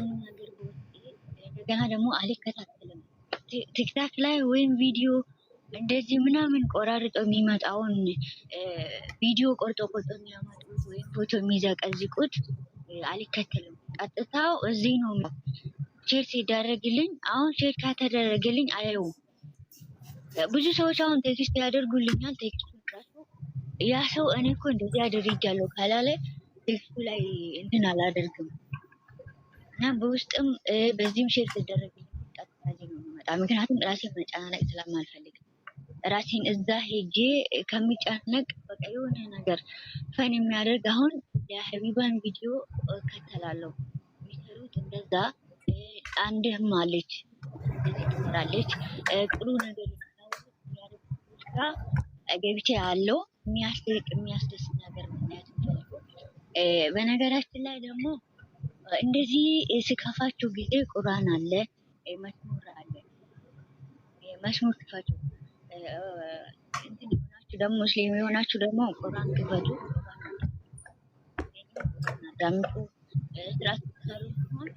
የምናደርገው እንደገና ደግሞ አልከታተልም። ቲክታክ ላይ ወይም ቪዲዮ እንደዚህ ምናምን ቆራርጦ የሚመጣውን ቪዲዮ ቆርጦ ቆርጦ የሚያመጡት ወይም ፎቶ የሚዘቀዝቁት አልከተልም። ቀጥታው እዚህ ነው። ሼር ሲደረግልኝ አሁን ሼር ከተደረገልኝ አየው። ብዙ ሰዎች አሁን ቴክስት ያደርጉልኛል። ቴክስቱ ቀርቶ ያ ሰው እኔ እኮ እንደዚህ አድርጊያለሁ ካላለ ቴክስቱ ላይ እንትን አላደርግም። እና በውስጥም በዚህም ሼር ትደረግልኝ ጣጣ ነው መጣ። ምክንያቱም ራሴን መጨናነቅ ስለማልፈልግ ራሴን እዛ ሄጄ ከሚጨነቅ በቃ የሆነ ነገር ፈን የሚያደርግ አሁን የሀቢባን ቪዲዮ እከተላለሁ። የሚሰሩት እንደዛ አንድም አለች ትሰራለች ጥሩ ነገር ስራ ገብቼ ያለው የሚያስደስት ነገር ምክንያት በነገራችን ላይ ደግሞ እንደዚህ ሲከፋችሁ ጊዜ ቁርአን አለ፣ መስሙር አለ። መስሙር ክፈቱ። እንትን የሆናችሁ ደግሞ ሙስሊም የሆናችሁ ደግሞ ቁርአን ክፈቱ፣ አዳምጡ። ስራ ስትሰሩ ሲሆን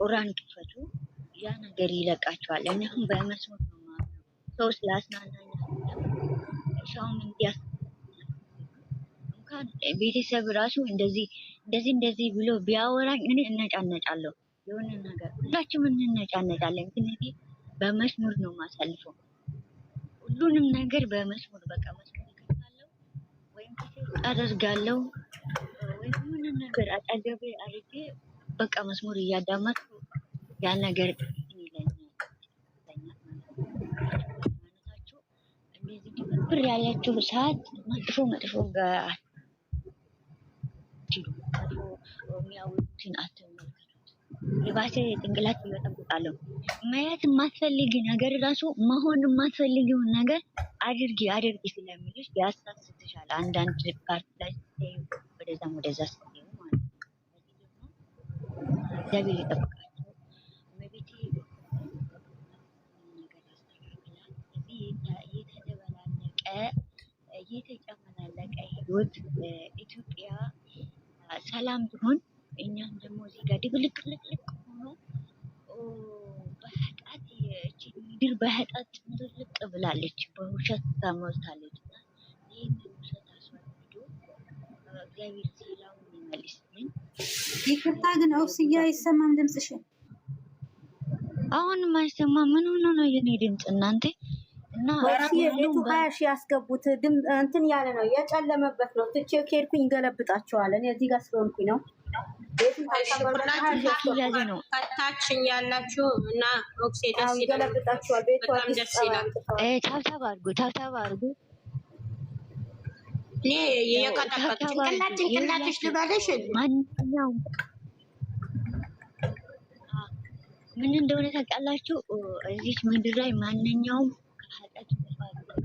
ቁርአን ክፈቱ፣ ያ ነገር ይለቃችኋል። እኔ አሁን በመስሙር ነው ማለት ሰው ስላስናናኝ ሰውም እንዲያስ እንኳን ቤተሰብ ራሱ እንደዚህ እንደዚህ እንደዚህ ብሎ ቢያወራኝ እኔ እነጫነጫለሁ። የሆነ ነገር ሁላችሁም እንነጫነጫለን፣ ግን እኔ በመስሙር ነው የማሳልፈው። ሁሉንም ነገር በመስሙር በቃ መስሙር እከፍታለሁ ወይም አደርጋለሁ ወይም የሆነ ነገር አጠገቤ አድርጌ በቃ መስሙር እያዳመጥኩ ያ ነገር እንደዚህ ድብር ያላችሁ ሰዓት መጥፎ መጥፎ ጋር የሚያውሉትን አትመልከቱ። ሪባሴ ጭንቅላት ይበጠብጣለሁ። ማየት የማትፈልጊ ነገር ራሱ መሆን የማትፈልጊውን ነገር አድርጊ አድርጊ ስለሚልሽ ያሳስትሻል። አንዳንድ ፓርቲ ላይ ወደዛም ወደዛ ስትይ እግዚአብሔር ይጠብቃቸው። የተደበላለቀ የተጨመላለቀ ህይወት ኢትዮጵያ ሰላም ቢሆን እኛም ደግሞ እዚህ ጋር ድብልቅልቅልቅ ሆኖ በኃጢአት ይህች ምድር በኃጢአት ጭምልቅ ብላለች፣ በውሸት ተሞልታለች። እና ይህን ውሸት አስወግዶ እግዚአብሔር ሰላሙን ይመልስልን። ይቅርታ ግን ኦፍስዬ አይሰማም ድምፅሽን። አሁንም አይሰማም። ምን ሆኖ ነው የኔ ድምፅ እናንተ? የቤቱ ሀያ ያስገቡት እንትን ያለ ነው የጨለመበት ነው። ትቼ ከሄድኩኝ ገለብጣቸዋል። እኔ እዚህ ጋር ስለሆንኩኝ ነው። ያላችሁ እና ደስ ደስ ይላል። ታብታብ አድርጉ፣ ታብታብ አድርጉ። ምን እንደሆነ ታውቃላችሁ። እዚች ምድር ላይ ማንኛውም በሀጥያት በኃጢአት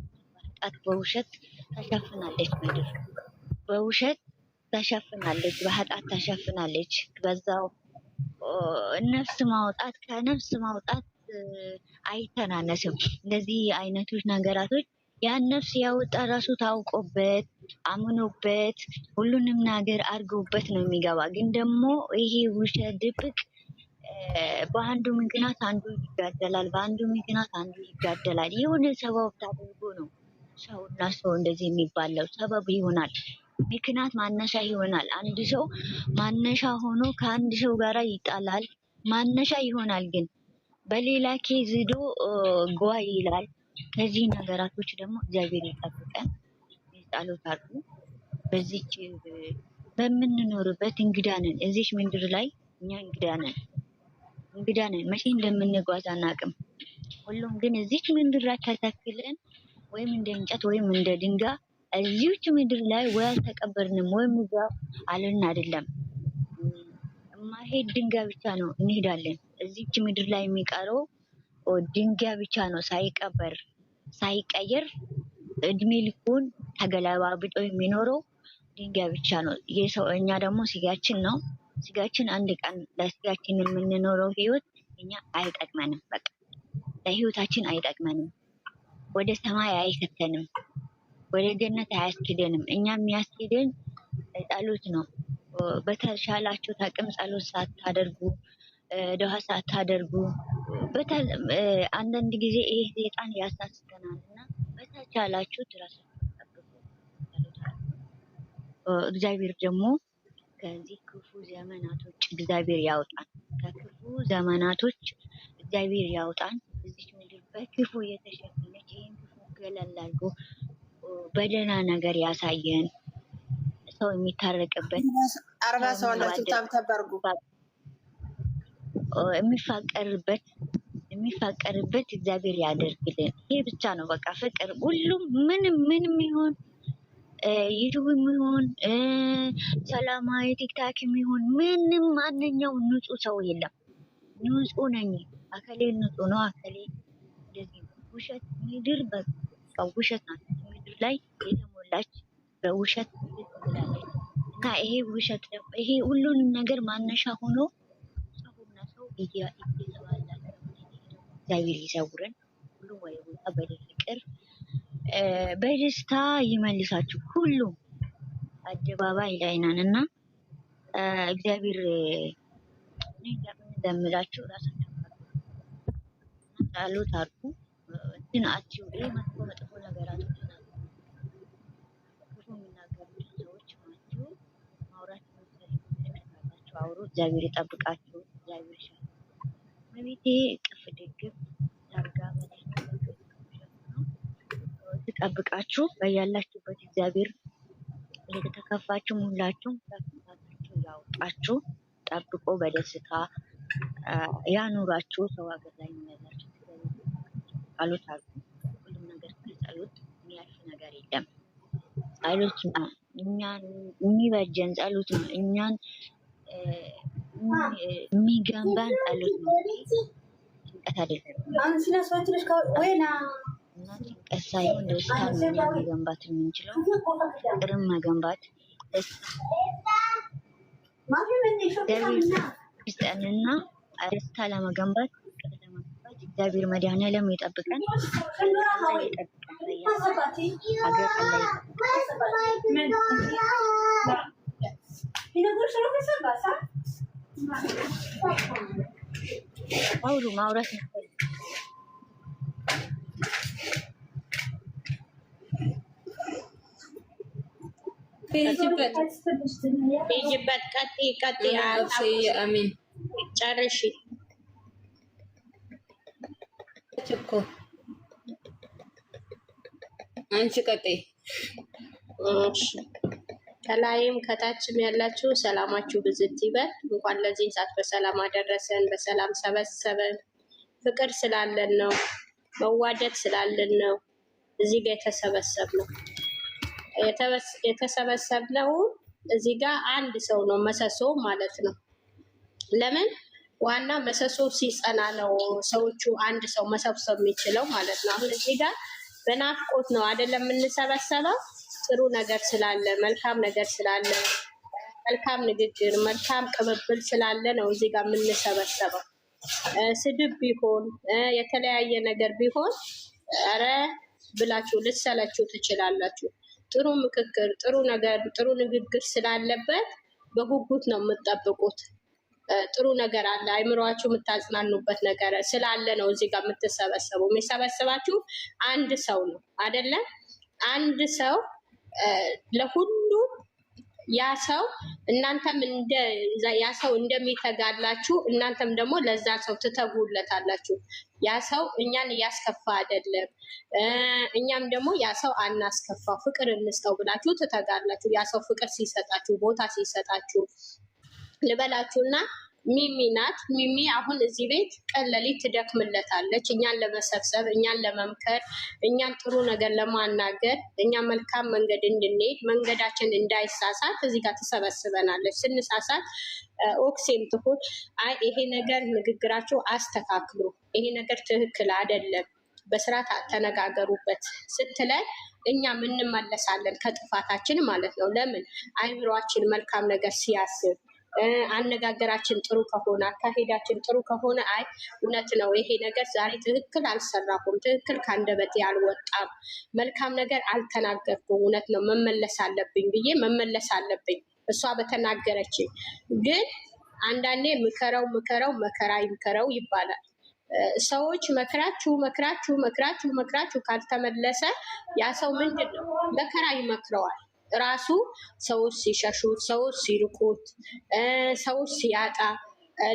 በውሸት ተሸፍናለች ምድር በውሸት ተሸፍናለች፣ በኃጢአት ተሸፍናለች። በዛው ነፍስ ማውጣት ከነፍስ ማውጣት አይተናነስም። እነዚህ አይነቶች ነገራቶች ያን ነፍስ ያወጣ ራሱ ታውቆበት አምኖበት ሁሉንም ነገር አድርጎበት ነው የሚገባ። ግን ደግሞ ይሄ ውሸት ድብቅ በአንዱ ምክንያት አንዱ ይጋደላል፣ በአንዱ ምክንያት አንዱ ይጋደላል። የሆነ ሰበብ ታደርጎ ነው ሰውና ሰው እንደዚህ የሚባለው ሰበብ ይሆናል። ምክንያት ማነሻ ይሆናል። አንድ ሰው ማነሻ ሆኖ ከአንድ ሰው ጋር ይጣላል፣ ማነሻ ይሆናል። ግን በሌላ ኬዝ ሂዶ ጓ ይላል። ከዚህ ነገራቶች ደግሞ እግዚአብሔር ይጠብቀን። የጣሉት አሉ። በዚች በምንኖርበት እንግዳ ነን። እዚች ምድር ላይ እኛ እንግዳ ነን። እንግዳ ነን። መቼ እንደምንጓዝ አናውቅም። ሁሉም ግን እዚች ምድር ላይ ተተክለን ወይም እንደ እንጨት ወይም እንደ ድንጋይ እዚች ምድር ላይ ወይ አልተቀበርንም ወይም እዛው አለን አይደለም። የማይሄድ ድንጋይ ብቻ ነው እንሄዳለን። እዚች ምድር ላይ የሚቀረው ድንጋይ ብቻ ነው ሳይቀበር ሳይቀየር እድሜ ልኩን ተገለባብጦ የሚኖረው ድንጋይ ብቻ ነው። የሰው እኛ ደግሞ ስጋችን ነው። ስጋችን አንድ ቀን ለስጋችን የምንኖረው ህይወት እኛ አይጠቅመንም። በቃ ለህይወታችን አይጠቅመንም። ወደ ሰማይ አይከተንም ወደ ገነት አያስኪደንም። እኛ የሚያስኪደን ጸሎት ነው። በተሻላችሁ ታቅም ጸሎት ሳታደርጉ ደሃ ሳታደርጉ አንዳንድ ጊዜ ይህ ሴጣን ያሳስተናል እና በተቻላችሁ ትራሳችሁ እግዚአብሔር ደግሞ ከዚህ ክፉ ዘመናቶች እግዚአብሔር ያውጣን። ከክፉ ዘመናቶች እግዚአብሔር ያውጣን። እዚች ምድር በክፉ የተሸፈነች ይህን ክፉ ገለል አድርጎ በደህና ነገር ያሳየን። ሰው የሚታረቅበት አርባ ሰው አላችሁ ታብታባርጉ የሚፋቀርበት የሚፋቀርበት እግዚአብሔር ያደርግልን። ይሄ ብቻ ነው በቃ ፍቅር። ሁሉም ምንም ምንም ይሆን ዩቱብ የሚሆን ሰላማዊ ቲክታክ የሚሆን ምንም ማንኛው ንጹህ ሰው የለም። ንጹህ ነኝ አከሌ ንጹህ ነው አከሌ እንደዚህ ውሸት ምድር በቃ ውሸት ናት። ምድር ላይ የተሞላች በውሸት ትላለች እና ይሄ ውሸት ደግሞ ይሄ ሁሉንም ነገር ማነሻ ሆኖ ሰውና ሰው እየተባላ እግዚአብሔር ይሰውረን ሁሉም ወደ ቦታ በፍቅር በደስታ ይመልሳችሁ። ሁሉም አደባባይ ላይ ነን እና እግዚአብሔር እንደምላችሁ ራሳችሁ ጣሉ ታርቁ እንትን አትዩ። መጥፎ መጥፎ ነገራቶች ናቸው። ብዙ የሚናገሩት ሰዎች ናቸው። ማውራት የሚፈልጉት አውሩ። እግዚአብሔር ይጠብቃችሁ። እግዚአብሔር ይሻላል። መቤቴ ይጠብቃችሁ። በያላችሁበት እግዚአብሔር እየተከፋችሁ ሁላችሁም ከክፋታችሁ ያውጣችሁ፣ ጠብቆ በደስታ ያኑራችሁ። ሰው ሀገር ላይ የሚያዛችሁ ጸሎት አሉ። ሁሉም ነገር ከጸሎት የሚያልፍ ነገር የለም። ጸሎት እኛን የሚበጀን፣ ጸሎት ነው እኛን የሚገንባን ጸሎት ነው። ጭንቀት አይደለም። ሳይ ደስታን መገንባት የምንችለው ፍቅርን መገንባት ስጠንና ደስታ ለመገንባት ፍቅር ለመገንባት እግዚአብሔር መድኃኔዓለም ይጠብቀን። አውሩ ማውራት ነው። ሂጂበት፣ አሚን እኮ አንቺ ከላይም ከታችም ያላችሁ ሰላማችሁ ብዝት ይበል። እንኳን ለዚህ ሰዓት በሰላም አደረሰን፣ በሰላም ሰበሰበን። ፍቅር ስላለን ነው፣ መዋደድ ስላለን ነው እዚህ ጋር የተሰበሰብ ነው። የተሰበሰብነው እዚህ ጋር አንድ ሰው ነው፣ መሰሶ ማለት ነው። ለምን ዋና መሰሶ ሲጸና ነው ሰዎቹ አንድ ሰው መሰብሰብ የሚችለው ማለት ነው። አሁን እዚህ ጋር በናፍቆት ነው አይደለም የምንሰበሰበው፣ ጥሩ ነገር ስላለ መልካም ነገር ስላለ መልካም ንግግር፣ መልካም ቅብብል ስላለ ነው እዚህ ጋር የምንሰበሰበው። ስድብ ቢሆን የተለያየ ነገር ቢሆን ኧረ ብላችሁ ልትሰለችሁ ትችላላችሁ። ጥሩ ምክክር፣ ጥሩ ነገር፣ ጥሩ ንግግር ስላለበት በጉጉት ነው የምጠብቁት። ጥሩ ነገር አለ፣ አይምሯችሁ የምታጽናኑበት ነገር ስላለ ነው እዚህ ጋር የምትሰበሰቡ። የሚሰበስባችሁ አንድ ሰው ነው አይደለም? አንድ ሰው ለሁሉም ያ ሰው እናንተም እንደ ያ ሰው እንደሚተጋላችሁ እናንተም ደግሞ ለዛ ሰው ትተጉለታላችሁ። ያ ሰው እኛን እያስከፋ አይደለም፣ እኛም ደግሞ ያ ሰው አናስከፋ ፍቅር እንስጠው ብላችሁ ትተጋላችሁ። ያ ሰው ፍቅር ሲሰጣችሁ ቦታ ሲሰጣችሁ ልበላችሁና ሚሚ ናት። ሚሚ አሁን እዚህ ቤት ቀን ለሊት ትደክምለታለች፣ እኛን ለመሰብሰብ፣ እኛን ለመምከር፣ እኛን ጥሩ ነገር ለማናገር፣ እኛ መልካም መንገድ እንድንሄድ መንገዳችን እንዳይሳሳት እዚህ ጋር ትሰበስበናለች። ስንሳሳት ኦክሴም ትሁን አይ ይሄ ነገር ንግግራችሁ አስተካክሉ፣ ይሄ ነገር ትክክል አይደለም፣ በስርዓት ተነጋገሩበት ስትለን እኛ እንመለሳለን ከጥፋታችን ማለት ነው። ለምን አይምሯችን መልካም ነገር ሲያስብ አነጋገራችን ጥሩ ከሆነ አካሄዳችን ጥሩ ከሆነ አይ እውነት ነው ይሄ ነገር ዛሬ ትክክል አልሰራሁም፣ ትክክል ከአንደበቴ አልወጣም፣ መልካም ነገር አልተናገርኩም፣ እውነት ነው መመለስ አለብኝ ብዬ መመለስ አለብኝ እሷ በተናገረችኝ ግን አንዳንዴ ምከረው ምከረው መከራ ይምከረው ይባላል። ሰዎች መክራችሁ መክራችሁ መክራችሁ መክራችሁ ካልተመለሰ ያ ሰው ምንድን ነው መከራ ይመክረዋል። ራሱ ሰዎች ሲሸሹት፣ ሰዎች ሲርቁት፣ ሰዎች ሲያጣ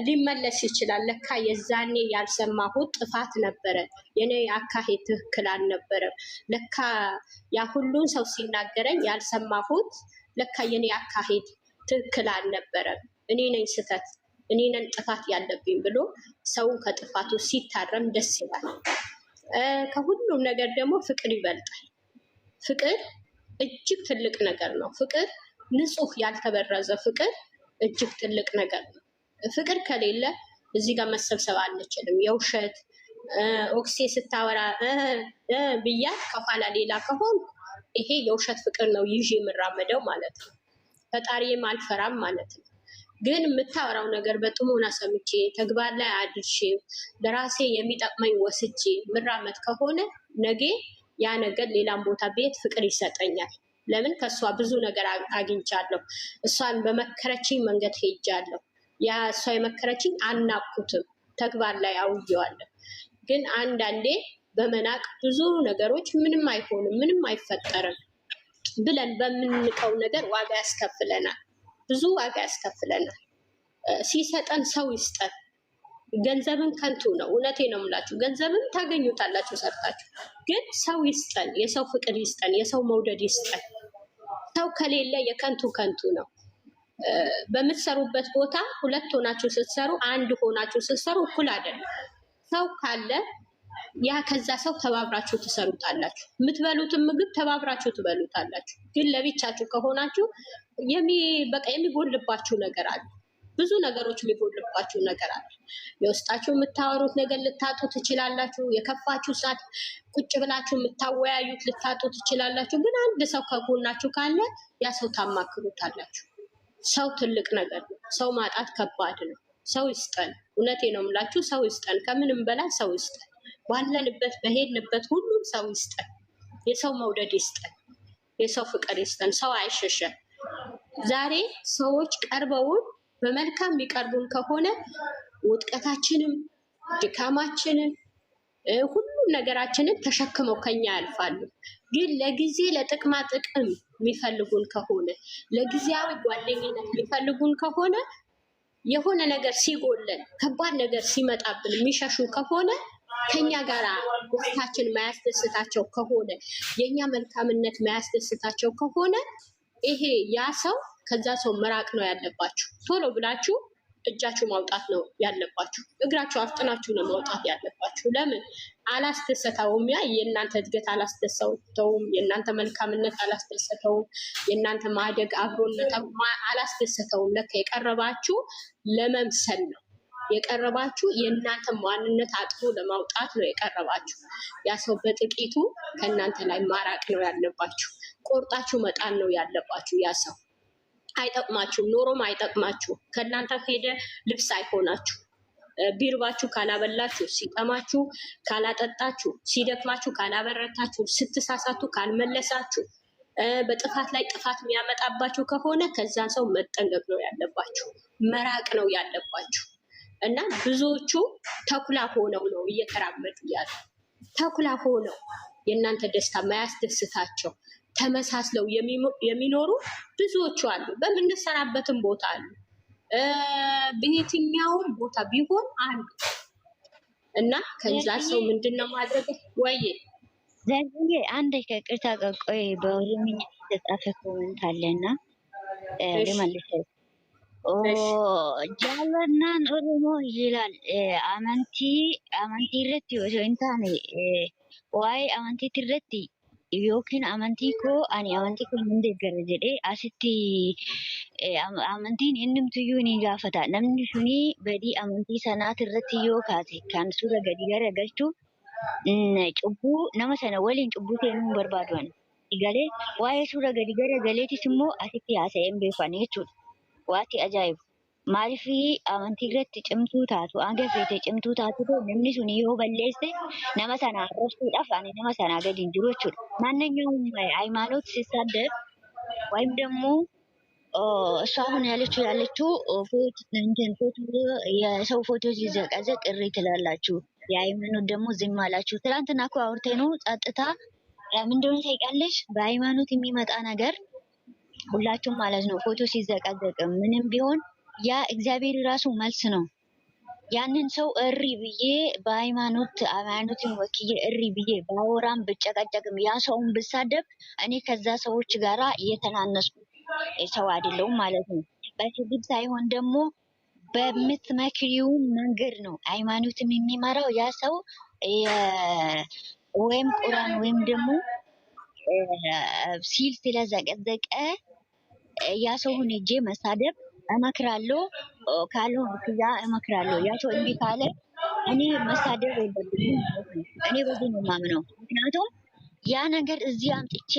ሊመለስ ይችላል። ለካ የዛኔ ያልሰማሁት ጥፋት ነበረ፣ የኔ አካሄድ ትክክል አልነበረም። ለካ ያ ሁሉን ሰው ሲናገረኝ ያልሰማሁት ለካ የኔ አካሄድ ትክክል አልነበረም። እኔ ነኝ ስህተት፣ እኔ ነኝ ጥፋት ያለብኝ ብሎ ሰውን ከጥፋቱ ሲታረም ደስ ይላል። ከሁሉም ነገር ደግሞ ፍቅር ይበልጣል። ፍቅር እጅግ ትልቅ ነገር ነው። ፍቅር ንጹህ ያልተበረዘ ፍቅር እጅግ ትልቅ ነገር ነው። ፍቅር ከሌለ እዚህ ጋር መሰብሰብ አንችልም። የውሸት ኦክሴ ስታወራ ብያ ከኋላ ሌላ ከሆን ይሄ የውሸት ፍቅር ነው ይዤ የምራመደው ማለት ነው። ፈጣሪም አልፈራም ማለት ነው። ግን የምታወራው ነገር በጥሞና ሰምቼ ተግባር ላይ አድርሼ ለራሴ የሚጠቅመኝ ወስጄ ምራመድ ከሆነ ነጌ ያ ነገር ሌላም ቦታ ቤት ፍቅር ይሰጠኛል። ለምን ከእሷ ብዙ ነገር አግኝቻለሁ። እሷን በመከረችኝ መንገድ ሄጃለሁ። ያ እሷ የመከረችኝ አናኩትም፣ ተግባር ላይ አውየዋለሁ። ግን አንዳንዴ በመናቅ ብዙ ነገሮች ምንም አይሆንም፣ ምንም አይፈጠርም ብለን በምንቀው ነገር ዋጋ ያስከፍለናል፣ ብዙ ዋጋ ያስከፍለናል። ሲሰጠን ሰው ይስጠን። ገንዘብን ከንቱ ነው። እውነቴ ነው የምላችሁ፣ ገንዘብን ታገኙታላችሁ ሰርታችሁ። ግን ሰው ይስጠን፣ የሰው ፍቅር ይስጠን፣ የሰው መውደድ ይስጠን። ሰው ከሌለ የከንቱ ከንቱ ነው። በምትሰሩበት ቦታ ሁለት ሆናችሁ ስትሰሩ፣ አንድ ሆናችሁ ስትሰሩ እኩል አይደለም። ሰው ካለ ያ ከዛ ሰው ተባብራችሁ ትሰሩታላችሁ። የምትበሉትን ምግብ ተባብራችሁ ትበሉታላችሁ። ግን ለብቻችሁ ከሆናችሁ በቃ የሚጎልባችሁ ነገር አለ። ብዙ ነገሮች የሚጎልባችሁ ነገር አለ። የውስጣችሁ የምታወሩት ነገር ልታጡ ትችላላችሁ። የከፋችሁ ሰዓት ቁጭ ብላችሁ የምታወያዩት ልታጡ ትችላላችሁ። ግን አንድ ሰው ከጎናችሁ ካለ ያ ሰው ታማክሩታላችሁ። ሰው ትልቅ ነገር ነው። ሰው ማጣት ከባድ ነው። ሰው ይስጠን። እውነቴ ነው የምላችሁ፣ ሰው ይስጠን። ከምንም በላይ ሰው ይስጠን። ባለንበት በሄድንበት ሁሉም ሰው ይስጠን። የሰው መውደድ ይስጠን። የሰው ፍቅር ይስጠን። ሰው አይሸሸን። ዛሬ ሰዎች ቀርበውን በመልካም የሚቀርቡን ከሆነ ውጥቀታችንም ድካማችንን ሁሉም ነገራችንን ተሸክመው ከኛ ያልፋሉ። ግን ለጊዜ ለጥቅማ ጥቅም የሚፈልጉን ከሆነ ለጊዜያዊ ጓደኝነት የሚፈልጉን ከሆነ የሆነ ነገር ሲጎለን ከባድ ነገር ሲመጣብን የሚሸሹ ከሆነ ከኛ ጋር ውስታችን ማያስደስታቸው ከሆነ የኛ መልካምነት ማያስደስታቸው ከሆነ ይሄ ያ ሰው ከዛ ሰው መራቅ ነው ያለባችሁ። ቶሎ ብላችሁ እጃችሁ ማውጣት ነው ያለባችሁ። እግራችሁ አፍጥናችሁ ነው ማውጣት ያለባችሁ። ለምን አላስደሰተውም? ያ የእናንተ እድገት አላስደሰተውም። የእናንተ መልካምነት አላስደሰተውም። የእናንተ ማደግ አብሮነት አላስደሰተውም። ለካ የቀረባችሁ ለመምሰል ነው የቀረባችሁ የእናንተ ማንነት አጥሮ ለማውጣት ነው የቀረባችሁ። ያ ሰው በጥቂቱ ከእናንተ ላይ ማራቅ ነው ያለባችሁ። ቆርጣችሁ መጣን ነው ያለባችሁ ያ ሰው አይጠቅማችሁም፣ ኖሮም አይጠቅማችሁም። ከእናንተ ከሄደ ልብስ አይሆናችሁ። ቢርባችሁ ካላበላችሁ፣ ሲጠማችሁ ካላጠጣችሁ፣ ሲደክማችሁ ካላበረታችሁ፣ ስትሳሳቱ ካልመለሳችሁ፣ በጥፋት ላይ ጥፋት የሚያመጣባችሁ ከሆነ ከዛን ሰው መጠንቀቅ ነው ያለባችሁ፣ መራቅ ነው ያለባችሁ እና ብዙዎቹ ተኩላ ሆነው ነው እየተራመዱ ያሉ። ተኩላ ሆነው የእናንተ ደስታ ማያስደስታቸው ተመሳስለው የሚኖሩ ብዙዎቹ አሉ። በምንሰራበትም ቦታ አሉ፣ በየትኛውም ቦታ ቢሆን አሉ እና ከዛ ሰው ምንድን ነው ማድረግ ወይ ዘርዬ አንድ ከቅርታ ቆይ፣ በኦሮምኛ የተጻፈ ኮመንት አለና ልመልስ። ጃለናን ኦሮሞ ይላል አመንቲ አመንቲ ረቲ ወሶ እንታኔ ዋይ አመንቲ ትረቲ yookiin amantii koo ani amantii koo nan gara jedhee asitti e, amantiin ennumtiyyuu ni gaafata. Namni suni badii amantii sanaati irratti yoo kaate kan suura gadi gara galchu mm, cubbuu nama sana waliin cubbuu seenuu hin barbaadu waa'ee gadi gara galeetis immoo asitti haasa'ee hin beeku jechuudha. Waanti ajaa'ibu! Maaliifi amantii irratti cimtuu taatu hangafete cimtuu taatu namni sun yoo balleesse nama sana arrabsuudhaaf ani nama sanaa gadi hin jiru jechuudha. ማንኛውም ሃይማኖት ሲሳደብ ወይም ደግሞ እሷ አሁን ያለችው ያለችው እንትን ፎቶ የሰው ፎቶ ሲዘቀዘቅ እሪ ትላላችሁ፣ የሃይማኖት ደግሞ ዝም አላችሁ። ትናንትና እኮ አውርተኑ ጸጥታ ምንድነው ታውቂያለሽ? በሃይማኖት የሚመጣ ነገር ሁላችሁም ማለት ነው ፎቶ ሲዘቀዘቅ ምንም ቢሆን ያ እግዚአብሔር ራሱ መልስ ነው። ያንን ሰው እሪ ብዬ በሃይማኖት ሃይማኖትን ወክዬ እሪ ብዬ ባወራም ብጨቀጨቅም ያ ሰውን ብሳደብ እኔ ከዛ ሰዎች ጋራ እየተናነስኩ ሰው አይደለውም ማለት ነው። በስድብ ሳይሆን ደግሞ በምትመክሪውን መንገድ ነው ሃይማኖትም የሚመራው ያ ሰው ወይም ቁራን ወይም ደግሞ ሲል ስለዘቀዘቀ ያ ሰውን እጄ መሳደብ እመክራለሁ። ካልሆነ ክያ እመክራለሁ። ያቸው እንዲህ ካለ እኔ መሳደብ የለብኝም። እኔ በዚህ ነው የማምነው። ምክንያቱም ያ ነገር እዚህ አምጥቼ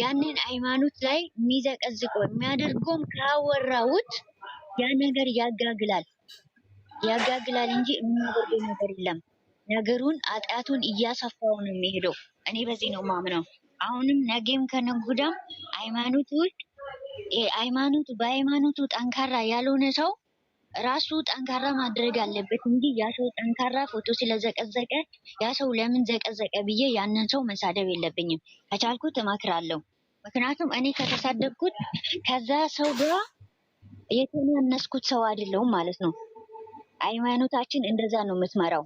ያንን ሃይማኖት ላይ የሚዘቀዝቆ የሚያደርገውም ካወራውት ያ ነገር ያጋግላል ያጋግላል እንጂ የሚያደርገው ነገር የለም። ነገሩን አጣቱን እያሰፋው ነው የሚሄደው። እኔ በዚህ ነው የማምነው። አሁንም ነገም ከነጉዳም ሃይማኖት ውስጥ ሃይማኖቱ በሃይማኖቱ ጠንካራ ያልሆነ ሰው ራሱ ጠንካራ ማድረግ አለበት እንጂ ያ ሰው ጠንካራ ፎቶ ስለዘቀዘቀ ያ ሰው ለምን ዘቀዘቀ ብዬ ያንን ሰው መሳደብ የለብኝም። ከቻልኩት እመክራለሁ። ምክንያቱም እኔ ከተሳደብኩት ከዛ ሰው ጋር የተናነስኩት ሰው አይደለሁም ማለት ነው። ሃይማኖታችን እንደዛ ነው የምትመራው።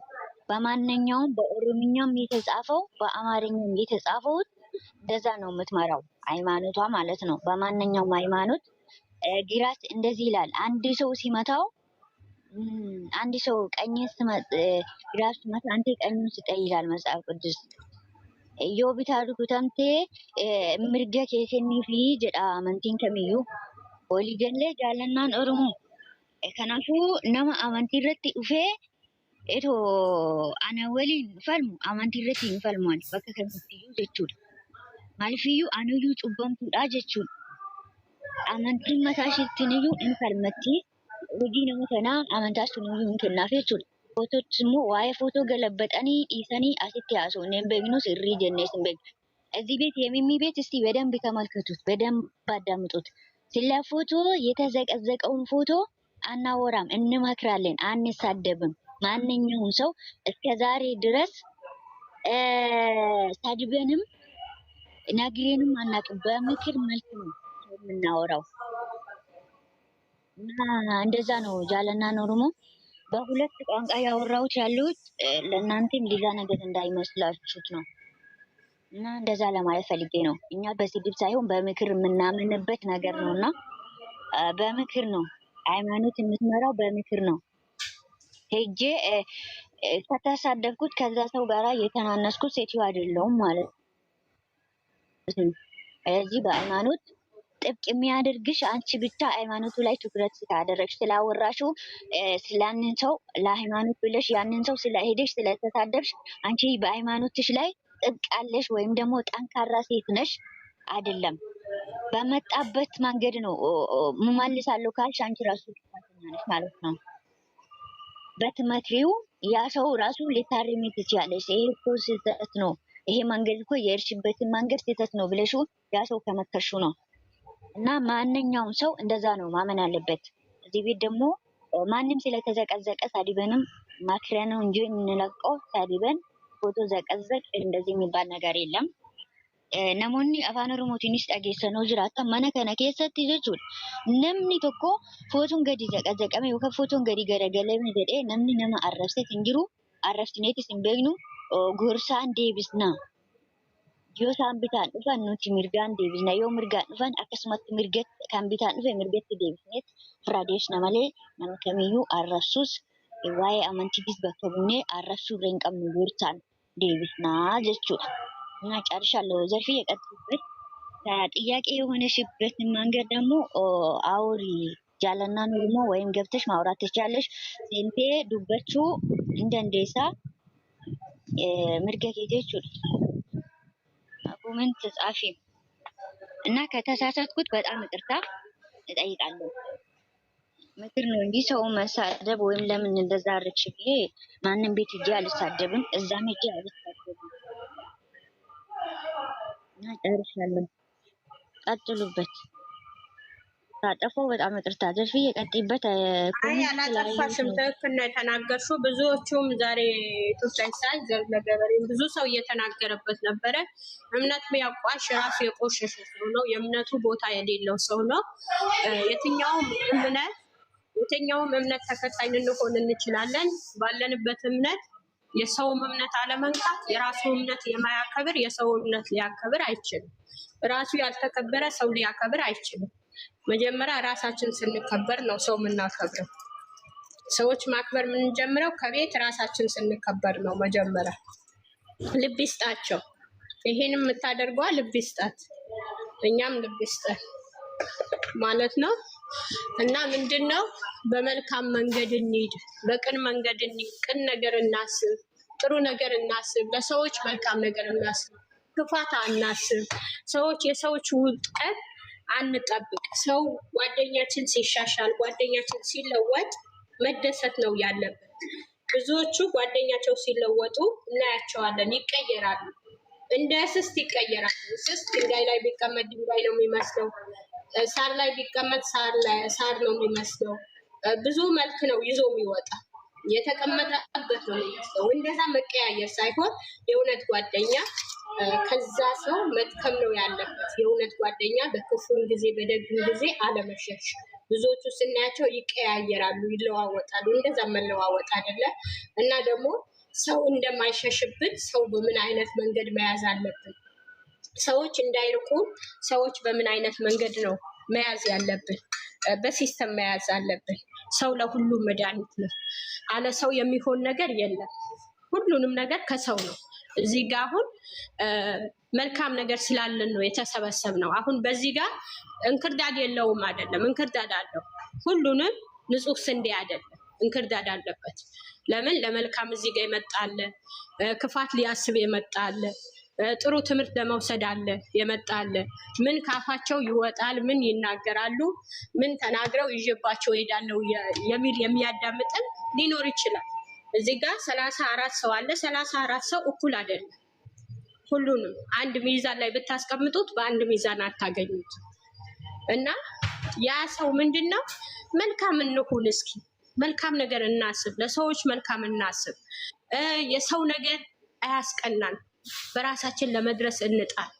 በማንኛውም በኦሮምኛም የተጻፈው በአማርኛም የተጻፈውት እንደዛ ነው የምትመራው ሃይማኖቷ ማለት ነው። በማንኛውም ሃይማኖት ጊራስ እንደዚህ ይላል። አንድ ሰው ሲመታው አንድ ሰው ቀኝ ራሱ መት አንተ ቀኝ ስጠኝ ይላል መጽሐፍ ቅዱስ ኢዮብ ታሪኩ ተምቴ ምርገ ኬሴኒ ፊ ጀዳ አመንቲን ከሚዩ ወሊገለ ጃለናን ኦሮሞ ከናፉ ነመ አመንቲ ረቲ ኡፌ እቶ አነ ወሊን ፈልሙ አመንቲ ረቲ ፈልሟል በከ ከሚዩ ጀቹ Maaliifiyyuu aaniyyuu cubbamtuudha jechuudha. Amantiin mataa iyyuu hin falmatti. Hojii nama sanaa amantaa suniyyuu hin kennaaf jechuudha. Footootti immoo waa'ee footoo galabaxanii dhiisanii asitti haasa'u. Hin beeknus irrii jennees hin beeknu. sii badan እዚህ ቤት የሚሚ ቤት እስቲ በደንብ ተመልከቱት፣ በደንብ footoo aannaa waraam inni makiraalleen aanni saddabam አንሳደብም። ማንኛውም ሰው እስከ zaarii diras ሰድበንም ነግሬንም አናውቅም። በምክር መልክ ነው የምናወራው እና እንደዛ ነው። ጃለና ኖርሞ በሁለት ቋንቋ ያወራሁት ያለሁት ለእናንተም ሌላ ነገር እንዳይመስላችሁት ነው። እና እንደዛ ለማለት ፈልጌ ነው። እኛ በስድብ ሳይሆን በምክር የምናምንበት ነገር ነው እና በምክር ነው ሃይማኖት የምትመራው በምክር ነው። ሄጄ ከተሳደብኩት ከዛ ሰው ጋራ የተናነስኩት ሴትዮ አይደለሁም ማለት ስለዚህ በሃይማኖት ጥብቅ የሚያደርግሽ አንቺ ብቻ ሃይማኖቱ ላይ ትኩረት ስታደረግሽ ስላወራሽው ስለአንን ሰው ለሃይማኖት ብለሽ ያንን ሰው ስለሄደሽ ስለተሳደብሽ አንቺ በሃይማኖትሽ ላይ ጥብቅ አለሽ ወይም ደግሞ ጠንካራ ሴት ነሽ አይደለም። በመጣበት መንገድ ነው እመልሳለሁ ካልሽ አንቺ ራሱ ማለት ነው። በትመትሪው ያ ሰው ራሱ ሊታርሚ ትችያለሽ። ይሄ እኮ ስህተት ነው ይሄ መንገድ እኮ የሄድሽበትን መንገድ ስህተት ነው ብለሽ ያ ሰው ከመከርሹ ነው። እና ማንኛውም ሰው እንደዛ ነው ማመን አለበት። እዚህ ቤት ደግሞ ማንም ስለተዘቀዘቀ ሳዲበንም ማክረን ነው እንጂ እንለቀው ሳዲበን ፎቶ ዘቀዘቅ እንደዚህ የሚባል ነገር የለም። ነሞኒ አፋን ሪሞቲኒስ ጠጌሰ ነው ዝራተ መነ ከነ ነምኒ ቶኮ ፎቶን ገዲ ዘቀዘቀመ ከፎቶን ገዲ ገረገለ ነምኒ ነማ አረፍሴት እንጅሩ አረፍትኔት ስንበግኑ gorsaan deebisna. Yoo isaan bitaan dhufan nuti mirgaan deebisna. Yoo mirgaan dhufan akkasumatti kan bitaan dhufe mirgatti deebisnee firaa deebisna malee nama kamiyyuu arrabsuus waa'ee amantiitis bakka bunee arrabsuu irra hin qabnu gorsaan deebisna jechuudha. Naa loo Na Xiyyaaqee yoo zarfi yaqatu ጥያቄ የሆነሽበት መንገድ ደግሞ አውሪ ጃለና ኖርሞ ወይም ገብተሽ ማውራት seentee dubbachuu hin dandeessaa. ምርገት kee jechuudha. Koomenti ጻፊ እና ከተሳሳትኩት በጣም ይቅርታ እጠይቃለሁ። ምክር ነው እንጂ ሰው መሳደብ ወይም ለምን እንደዛ አድርግሽ ብዬ ማንም ቤት እጄ አልሳደብም፣ እዛም እጄ አልሳደብም። እና ጨርሻለሁ። ቀጥሉበት። አጠፋው በጣም ይቅርታ አድርጊ። የቀጥይበት አላጠፋሽም፣ ትክክል ነው የተናገርሽው። ብዙዎቹም ዛሬ ኢትዮጵያ ሳይ ለገበሬ ብዙ ሰው እየተናገረበት ነበረ። እምነት ሚያቋሽ ራሱ የቆሸሸ ሰው ነው፣ የእምነቱ ቦታ የሌለው ሰው ነው። የትኛውም እምነት የትኛውም እምነት ተከታይ ልንሆን እንችላለን። ባለንበት እምነት የሰውም እምነት አለመንካት፣ የራሱ እምነት የማያከብር የሰው እምነት ሊያከብር አይችልም። ራሱ ያልተከበረ ሰው ሊያከብር አይችልም። መጀመሪያ ራሳችን ስንከበር ነው ሰው የምናከብረው። ሰዎች ማክበር የምንጀምረው ከቤት ራሳችን ስንከበር ነው። መጀመሪያ ልብ ይስጣቸው። ይሄንም የምታደርገዋ ልብ ይስጣት፣ እኛም ልብ ይስጠን ማለት ነው። እና ምንድን ነው በመልካም መንገድ እንሂድ፣ በቅን መንገድ እንሂድ፣ ቅን ነገር እናስብ፣ ጥሩ ነገር እናስብ፣ ለሰዎች መልካም ነገር እናስብ፣ ክፋት አናስብ። ሰዎች የሰዎች ውጥቀት አንጠብቅ። ሰው ጓደኛችን ሲሻሻል፣ ጓደኛችን ሲለወጥ መደሰት ነው ያለበት ብዙዎቹ ጓደኛቸው ሲለወጡ እናያቸዋለን፣ ይቀየራሉ። እንደ ስስት ይቀየራሉ። ስስት ድንጋይ ላይ ቢቀመጥ ድንጋይ ነው የሚመስለው፣ ሳር ላይ ቢቀመጥ ሳር ነው የሚመስለው። ብዙ መልክ ነው ይዞ የሚወጣ የተቀመጠበት ነው የሚመስለው። እንደዛ መቀያየር ሳይሆን የእውነት ጓደኛ ከዛ ሰው መጥቀም ነው ያለበት። የእውነት ጓደኛ በክፉን ጊዜ በደግም ጊዜ አለመሸሽ። ብዙዎቹ ስናያቸው ይቀያየራሉ፣ ይለዋወጣሉ። እንደዛ መለዋወጥ አይደለም እና ደግሞ ሰው እንደማይሸሽብን ሰው በምን አይነት መንገድ መያዝ አለብን? ሰዎች እንዳይርቁ ሰዎች በምን አይነት መንገድ ነው መያዝ ያለብን? በሲስተም መያዝ አለብን። ሰው ለሁሉም መድኃኒት ነው። አለ ሰው የሚሆን ነገር የለም። ሁሉንም ነገር ከሰው ነው እዚህ ጋ አሁን መልካም ነገር ስላለን ነው የተሰበሰብ ነው። አሁን በዚህ ጋ እንክርዳድ የለውም አይደለም፣ እንክርዳድ አለው። ሁሉንም ንጹህ ስንዴ አይደለም፣ እንክርዳድ አለበት። ለምን ለመልካም እዚህ ጋ ይመጣለ፣ ክፋት ሊያስብ የመጣለ ጥሩ ትምህርት ለመውሰድ አለ የመጣለ ምን ካፋቸው ይወጣል፣ ምን ይናገራሉ፣ ምን ተናግረው ይዤባቸው ሄዳለው የሚል የሚያዳምጥን ሊኖር ይችላል። እዚህ ጋር ሰላሳ አራት ሰው አለ። ሰላሳ አራት ሰው እኩል አይደለም። ሁሉንም አንድ ሚዛን ላይ ብታስቀምጡት በአንድ ሚዛን አታገኙት እና ያ ሰው ምንድን ነው መልካም እንሁን እስኪ መልካም ነገር እናስብ፣ ለሰዎች መልካም እናስብ። የሰው ነገር አያስቀናን፣ በራሳችን ለመድረስ እንጣል።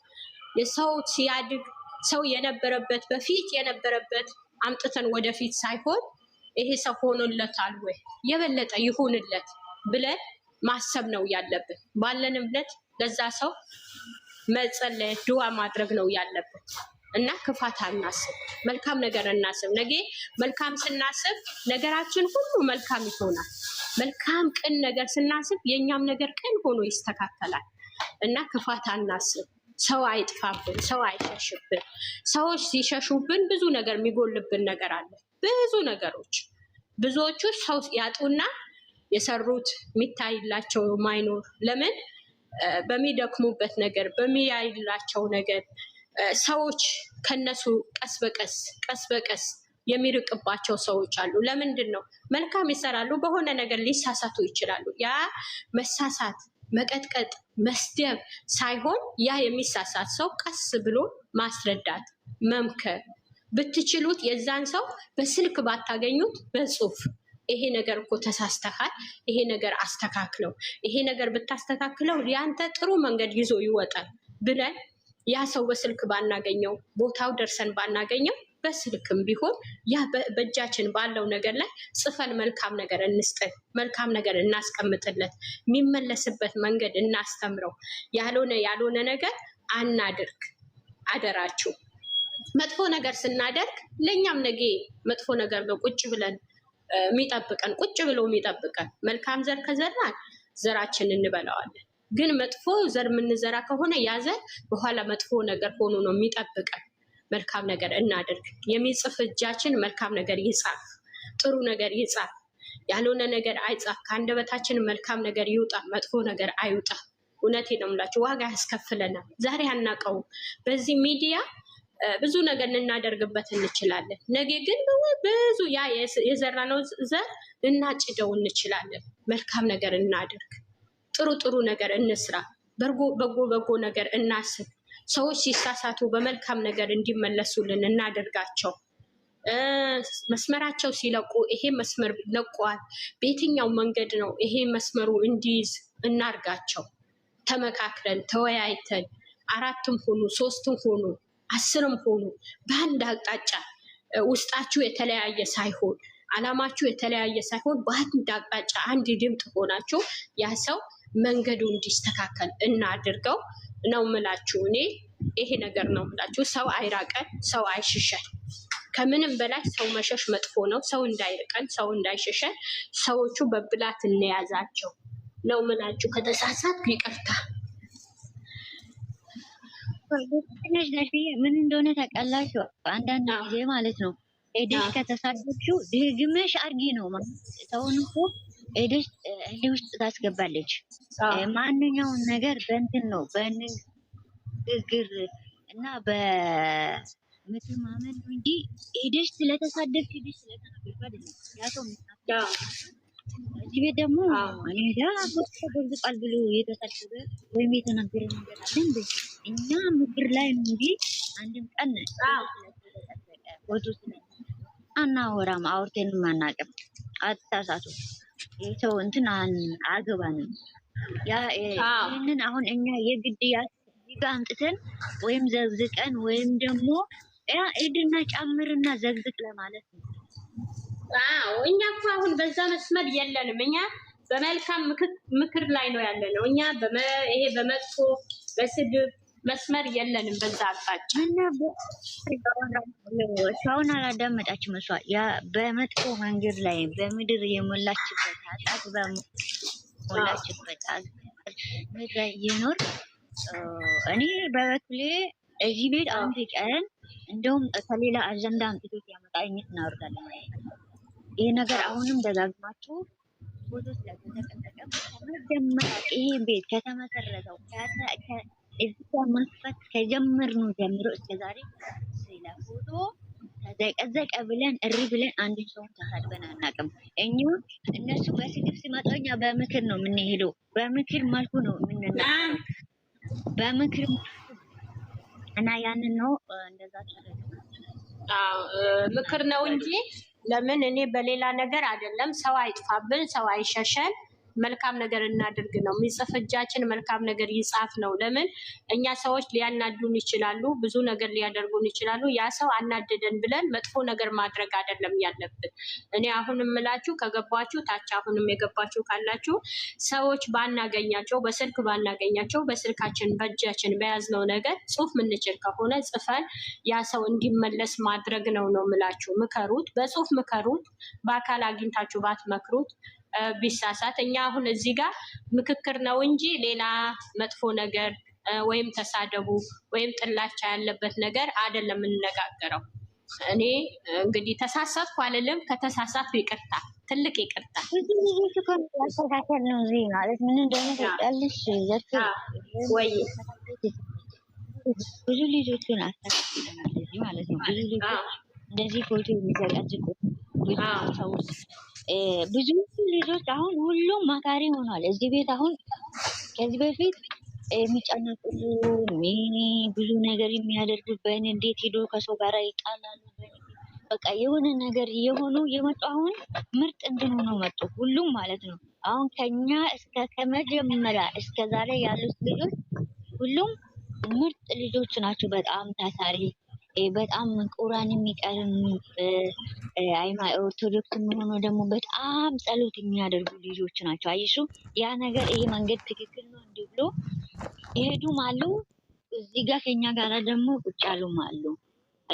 የሰው ሲያድግ ሰው የነበረበት በፊት የነበረበት አምጥተን ወደፊት ሳይሆን ይሄ ሰው ሆኖለታል ወይ የበለጠ ይሁንለት ብለን ማሰብ ነው ያለብን። ባለን እምነት ለዛ ሰው መጸለይ፣ ድዋ ማድረግ ነው ያለብን እና ክፋት አናስብ፣ መልካም ነገር እናስብ። ነገ መልካም ስናስብ ነገራችን ሁሉ መልካም ይሆናል። መልካም ቅን ነገር ስናስብ የእኛም ነገር ቅን ሆኖ ይስተካከላል እና ክፋት አናስብ። ሰው አይጥፋብን፣ ሰው አይሸሽብን። ሰዎች ሲሸሹብን ብዙ ነገር የሚጎልብን ነገር አለ ብዙ ነገሮች ብዙዎቹ ሰው ያጡና የሰሩት የሚታይላቸው ማይኖር ለምን በሚደክሙበት ነገር በሚያይላቸው ነገር ሰዎች ከነሱ ቀስ በቀስ ቀስ በቀስ የሚርቅባቸው ሰዎች አሉ። ለምንድን ነው? መልካም ይሰራሉ፣ በሆነ ነገር ሊሳሳቱ ይችላሉ። ያ መሳሳት፣ መቀጥቀጥ፣ መስደብ ሳይሆን ያ የሚሳሳት ሰው ቀስ ብሎ ማስረዳት፣ መምከር ብትችሉት የዛን ሰው በስልክ ባታገኙት በጽሁፍ ይሄ ነገር እኮ ተሳስተካል፣ ይሄ ነገር አስተካክለው፣ ይሄ ነገር ብታስተካክለው ያንተ ጥሩ መንገድ ይዞ ይወጣል ብለን ያ ሰው በስልክ ባናገኘው፣ ቦታው ደርሰን ባናገኘው፣ በስልክም ቢሆን ያ በእጃችን ባለው ነገር ላይ ጽፈን መልካም ነገር እንስጥን፣ መልካም ነገር እናስቀምጥለት፣ የሚመለስበት መንገድ እናስተምረው፣ ያልሆነ ያልሆነ ነገር አናድርግ፣ አደራችሁ። መጥፎ ነገር ስናደርግ ለእኛም ነገ መጥፎ ነገር ነው ቁጭ ብለን የሚጠብቀን ቁጭ ብሎ የሚጠብቀን። መልካም ዘር ከዘራን ዘራችን እንበላዋለን። ግን መጥፎ ዘር የምንዘራ ከሆነ ያ ዘር በኋላ መጥፎ ነገር ሆኖ ነው የሚጠብቀን። መልካም ነገር እናደርግ። የሚጽፍ እጃችን መልካም ነገር ይጻፍ፣ ጥሩ ነገር ይጻፍ፣ ያልሆነ ነገር አይጻፍ። ከአንደበታችን መልካም ነገር ይውጣ፣ መጥፎ ነገር አይውጣ። እውነቴን ነው የምላችሁ፣ ዋጋ ያስከፍለናል። ዛሬ አናውቀውም። በዚህ ሚዲያ ብዙ ነገር ልናደርግበት እንችላለን። ነገ ግን ብዙ ያ የዘራነው ዘር ልናጭደው እንችላለን። መልካም ነገር እናደርግ፣ ጥሩ ጥሩ ነገር እንስራ፣ በጎ በጎ በጎ ነገር እናስብ። ሰዎች ሲሳሳቱ በመልካም ነገር እንዲመለሱልን እናደርጋቸው። መስመራቸው ሲለቁ ይሄ መስመር ለቋል፣ በየትኛው መንገድ ነው ይሄ መስመሩ እንዲይዝ እናርጋቸው። ተመካክረን ተወያይተን አራትም ሆኑ ሶስትም ሆኑ አስርም ሆኑ በአንድ አቅጣጫ ውስጣችሁ የተለያየ ሳይሆን አላማችሁ የተለያየ ሳይሆን በአንድ አቅጣጫ አንድ ድምፅ ሆናችሁ ያ ሰው መንገዱ እንዲስተካከል እናድርገው ነው ምላችሁ። እኔ ይሄ ነገር ነው ምላችሁ። ሰው አይራቀን፣ ሰው አይሽሸን። ከምንም በላይ ሰው መሸሽ መጥፎ ነው። ሰው እንዳይርቀን፣ ሰው እንዳይሸሸን ሰዎቹ በብላት እንያዛቸው ነው ምላችሁ። ከተሳሳት ይቅርታ ትንሽ ነሽ ብዬ ምን እንደሆነ ታውቃላችሁ? አንዳንድ ጊዜ ማለት ነው ሄደሽ ከተሳደብሽው ድግምሽ አድርጊ ነው ሰውን እኮ ሄደሽ እልህ ውስጥ ታስገባለች። ማንኛውን ነገር በእንትን ነው በንግግር እና በምትማመን ነው እንጂ ሄደሽ ስለተሳደብሽ ሄደሽ ስለተናገርሽ አይደለም። ያሰው እዚህ ቤት ደግሞ ሄዳ ተጎዝቋል ብሎ የተሳደበ ወይም የተናገረ ነገር አለ እንዴ? እኛ ምድር ላይ እንግዲህ አንድም ቀን አናወራም፣ አውርቴንም አናውቅም። አትሳሳቱ። የሰው እንትን አገባንም። ይህንን አሁን እኛ የግድ ጋ አምጥተን ወይም ዘግዝቀን ወይም ደግሞ ሂድና ጨምርና ዘግዝቅ ለማለት ነው። እኛ እኮ አሁን በዛ መስመር የለንም። እኛ በመልካም ምክር ላይ ነው ያለነው። እኛ ይሄ በመጥፎ በስድብ መስመር የለንም በዛ አቅጣጫ ሰውን አላዳመጣች መስዋ በመጥፎ መንገድ ላይ በምድር የሞላችበት አጣት በሞላችበት ምድር ይኖር። እኔ በበኩሌ እዚህ ቤት አንድ ቀን እንደውም ከሌላ አጀንዳ አምጥቶት ያመጣ አይነት እናወርዳለን። ይሄ ነገር አሁንም ደጋግማችሁ ፎቶ ስለተቀጠቀም መጀመሪያ ይሄ ቤት ከተመሰረተው እዚህ ማስፋት ከጀመርነው ጀምሮ እስከ ዛሬ ስለ ፎቶ ተዘቀዘቀ ብለን እሪ ብለን አንድ ሰውን ተሳድበን አናውቅም። እኛ እነሱ በስድብ ሲመጣው እኛ በምክር ነው የምንሄደው። በምክር መልኩ ነው የምንና በምክር እና ያንን ነው እንደዛ ምክር ነው እንጂ ለምን እኔ በሌላ ነገር አይደለም። ሰው አይጥፋብን፣ ሰው አይሸሸን። መልካም ነገር እናድርግ ነው የሚጽፍ እጃችን መልካም ነገር ይጻፍ ነው። ለምን እኛ ሰዎች ሊያናዱን ይችላሉ፣ ብዙ ነገር ሊያደርጉን ይችላሉ። ያ ሰው አናደደን ብለን መጥፎ ነገር ማድረግ አይደለም ያለብን። እኔ አሁን የምላችሁ ከገባችሁ ታች አሁንም የገባችሁ ካላችሁ ሰዎች ባናገኛቸው በስልክ ባናገኛቸው በስልካችን በእጃችን በያዝነው ነገር ጽሁፍ ምንችል ከሆነ ጽፈን ያ ሰው እንዲመለስ ማድረግ ነው ነው የምላችሁ። ምከሩት፣ በጽሁፍ ምከሩት፣ በአካል አግኝታችሁ ባትመክሩት ቢሳሳት እኛ አሁን እዚህ ጋር ምክክር ነው እንጂ ሌላ መጥፎ ነገር ወይም ተሳደቡ ወይም ጥላቻ ያለበት ነገር አይደለም የምንነጋገረው። እኔ እንግዲህ ተሳሳትኩ አልልም። ከተሳሳትኩ ይቅርታ፣ ትልቅ ይቅርታ። ያስተካከል ነው ወይ ብዙ ልጆችን አስተካክለናል ማለት ነው። ብዙ ልጆች እንደዚህ ፎቶ የሚዘጋጅቁ ብዙ ሰዎች ብዙ ልጆች አሁን ሁሉም መካሪ ሆኗል። እዚህ ቤት አሁን ከዚህ በፊት የሚጨነቁ ብዙ ነገር የሚያደርጉብን እንዴት ሄዶ ከሰው ጋር ይጣላሉ፣ በቃ የሆነ ነገር የሆኑ የመጡ አሁን ምርጥ እንትን ሆኖ መጡ፣ ሁሉም ማለት ነው። አሁን ከኛ እስከ ከመጀመሪያ እስከ ዛሬ ያሉት ልጆች ሁሉም ምርጥ ልጆች ናቸው። በጣም ታታሪ በጣም ቁራን የሚቀርም አይማ ኦርቶዶክስ የሚሆኑ ደግሞ በጣም ጸሎት የሚያደርጉ ልጆች ናቸው። አይሱ ያ ነገር ይሄ መንገድ ትክክል ነው እንዲ ብሎ ይሄዱም አሉ። እዚህ ጋር ከኛ ጋራ ደግሞ ቁጭ ያሉም አሉ።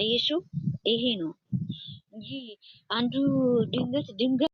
አይሱ ይሄ ነው እንጂ አንዱ ድንገት ድንገት